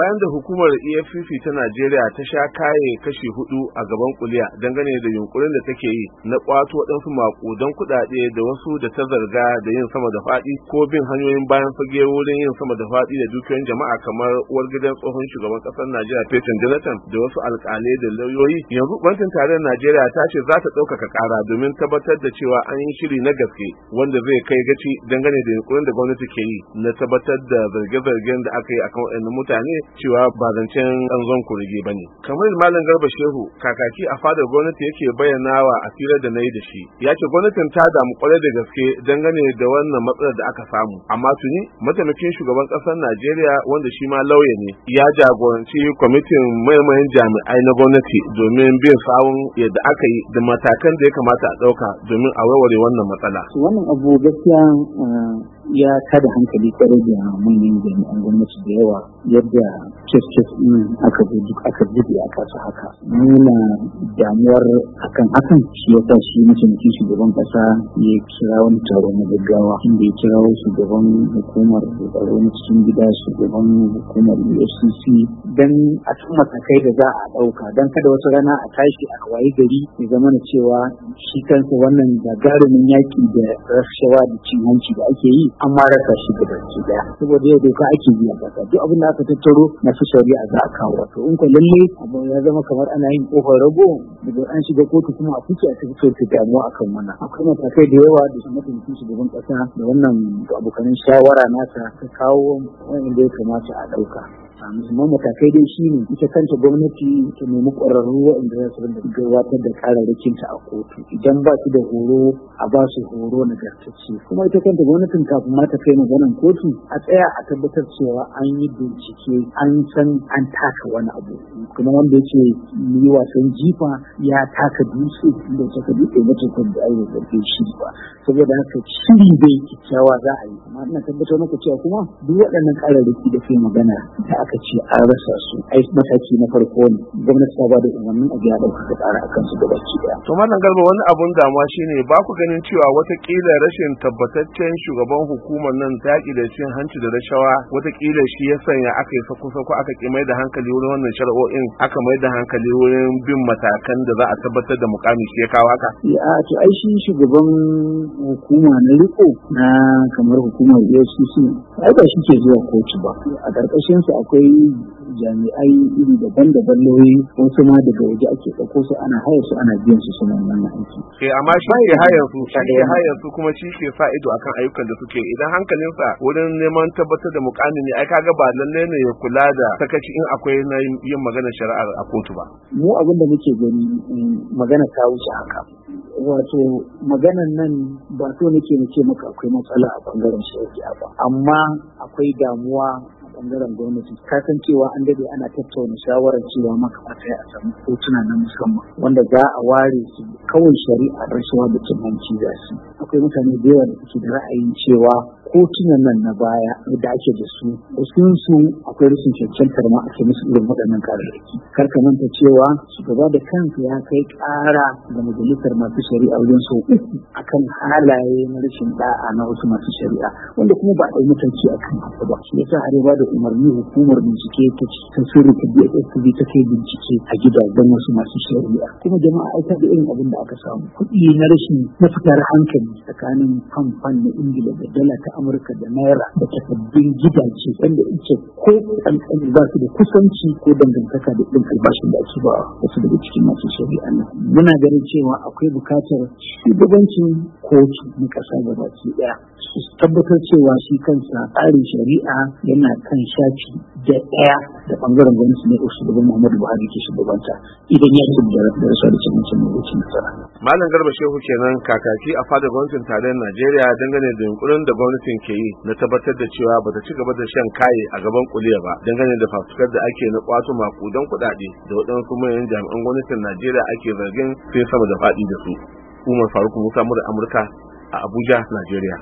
bayan da hukumar efcc ta najeriya ta sha kaye kashi hudu a gaban kuliya dangane da yunkurin da take yi na kwato waɗansu makudan kuɗaɗe da wasu da ta zarga da yin sama da faɗi ko bin hanyoyin bayan fage wurin yin sama da faɗi da dukiyoyin jama'a kamar uwar gidan tsohon shugaban ƙasar najeriya peter jonathan da wasu alƙalai da lauyoyi yanzu bankin tarayyar najeriya ta ce za ta ɗaukaka ƙara domin tabbatar da cewa an yi shiri na gaske wanda zai kai gaci dangane da yunkurin da gwamnati ke yi na tabbatar da zarge-zargen da aka yi akan waɗannan mutane cewa ba zancen ɗanzon kurege ba ne kamar malam garba shehu kakaki a fadar gwamnati yake bayyanawa a firar da na yi da shi ya ce gwamnatin ta damu kwarai da gaske dangane da wannan matsalar da aka samu amma tuni mataimakin shugaban ƙasar najeriya wanda shi ma lauya ne ya jagoranci kwamitin maimayin jami'ai na gwamnati domin bin sawun yadda aka yi da matakan da ya kamata a ɗauka domin a warware wannan matsala wannan abu gaskiya eh, ya kada hankali kwarai da manyan jami'an gwamnati da yawa yadda kes ɗin aka zo aka zube a kasa haka nuna damuwar akan hakan shi ya sa shi mataimakin shugaban kasa ya kira wani taro na gaggawa inda ya kira shugaban hukumar tsaro na cikin gida shugaban hukumar efcc don a san matakai da za a ɗauka dan kada wata rana a tashi a waye gari ya zama na cewa shi kansa wannan gagarumin yaƙi da rashawa da cin hanci da ake yi an ma rasa shi da baki daya saboda yau doka ake biya kasa duk abin da aka tattaro masu shari'a za a kawo to in ka lalle abu ya zama kamar ana yin kofar rago daga an shiga kotu kuma a fice a cikin su damuwa akan mana. akwai matakai da yawa da mataimakin shugaban kasa da wannan abokanin shawara nata ta kawo wanda ya kamata a ɗauka amma matakai dai shi ne ita kanta gwamnati ta nemi ƙwararru waɗanda za su rinda gabatar da kararrakinta a kotu idan ba su da horo a ba su horo nagartacce kuma ita kanta gwamnatin kafin ma ta kai maganan kotu a tsaya a tabbatar cewa an yi bincike an san an taka wani abu kuma wanda yake yi wasan jifa ya taka dutse da saka dutse ba ta ayyuka da ai shi ba saboda haka shiri bai kyakkyawa za a yi amma ina tabbatar maka cewa kuma duk waɗannan kararraki da ke magana ta aka ce an rasa su ai mataki na farko ne gwamnati ta ba da umarnin a biya ɗaukaka tsara a kansu gabaki To Garba wani abun damuwa shine ba ku ganin cewa watakila rashin tabbataccen shugaban hukumar nan ta da cin hanci da rashawa watakila shi ya sanya aka yi sako-sako aka ki mai da hankali wurin wannan shari'o'in aka mai da hankali wurin bin matakan da za a tabbatar da mukami shi ya kawo haka. Ya to ai shi shugaban hukuma na riko na kamar hukumar EFCC ai ba shi ke zuwa kotu ba a ƙarƙashin su akwai jami'ai iri daban-daban lauyi wasu ma daga waje ake ɗauko su ana haya su ana biyan su suna wannan aiki. Eh amma shi ke haya su shi ke haya su kuma shi ke sa ido akan ayyukan da suke idan sa wurin neman tabbatar da mukami ne ai kaga ba lalle ne ya kula da sakaci in akwai na yin magana shari'ar a kotu ba. Mu abin da muke gani eh, magana ta wuce haka. wato maganan nan ba to nake na ce maka akwai matsala a bangaren shari'a ba amma akwai damuwa bangaren gwamnati ka san cewa an dade ana tattauna shawarar cewa makamata a samu kotuna na musamman wanda za a ware su kawai shari'a rashawa da cin hanci za su akwai mutane da yawa da suke da ra'ayin cewa kotunan nan na baya da ake da su sun su akwai rashin cancantar ma ake musu irin waɗannan kararraki kar ka manta cewa shugaba da kansa ya kai ƙara ga majalisar masu shari'a wajen sau akan halaye na rashin da'a na wasu masu shari'a wanda kuma ba a yi mutunci kan haka ba shi yasa har ba da umarni hukumar bincike ta ta sirri ta ta kai bincike a gidajen wasu masu shari'a kuma jama'a ai da irin abin da aka samu kuɗi na rashin na fitar hankali tsakanin kamfan na Ingila da dala ta Amurka da naira da takaddun gidaje wanda ita ko kankanin ba su da kusanci ko dangantaka da ɗin albashin da ake ba wasu daga cikin masu shari'a nan muna ganin cewa akwai bukatar shugabancin kotu na ƙasa da baki ɗaya su tabbatar cewa shi kansa tsarin shari'a yana kan shafi da ɗaya da ɓangaren gwamnati ne usu gaban Muhammadu Buhari ke shugabanta idan ya ci da rasa da cikin cin na nasara. Malam Garba Shehu kenan kakaki a fada gwamnatin tarayyar Najeriya dangane da yunkurin da gwamnatin ke yi na tabbatar da cewa ba ta ci gaba da shan kaye a gaban kuliya ba dangane da fafutukar da ake na kwato makudan kuɗaɗe da waɗansu manyan jami'an gwamnatin Najeriya ake zargin sai sama da faɗi da su. Umar Faruk Musa Amurka a Abuja, Najeriya.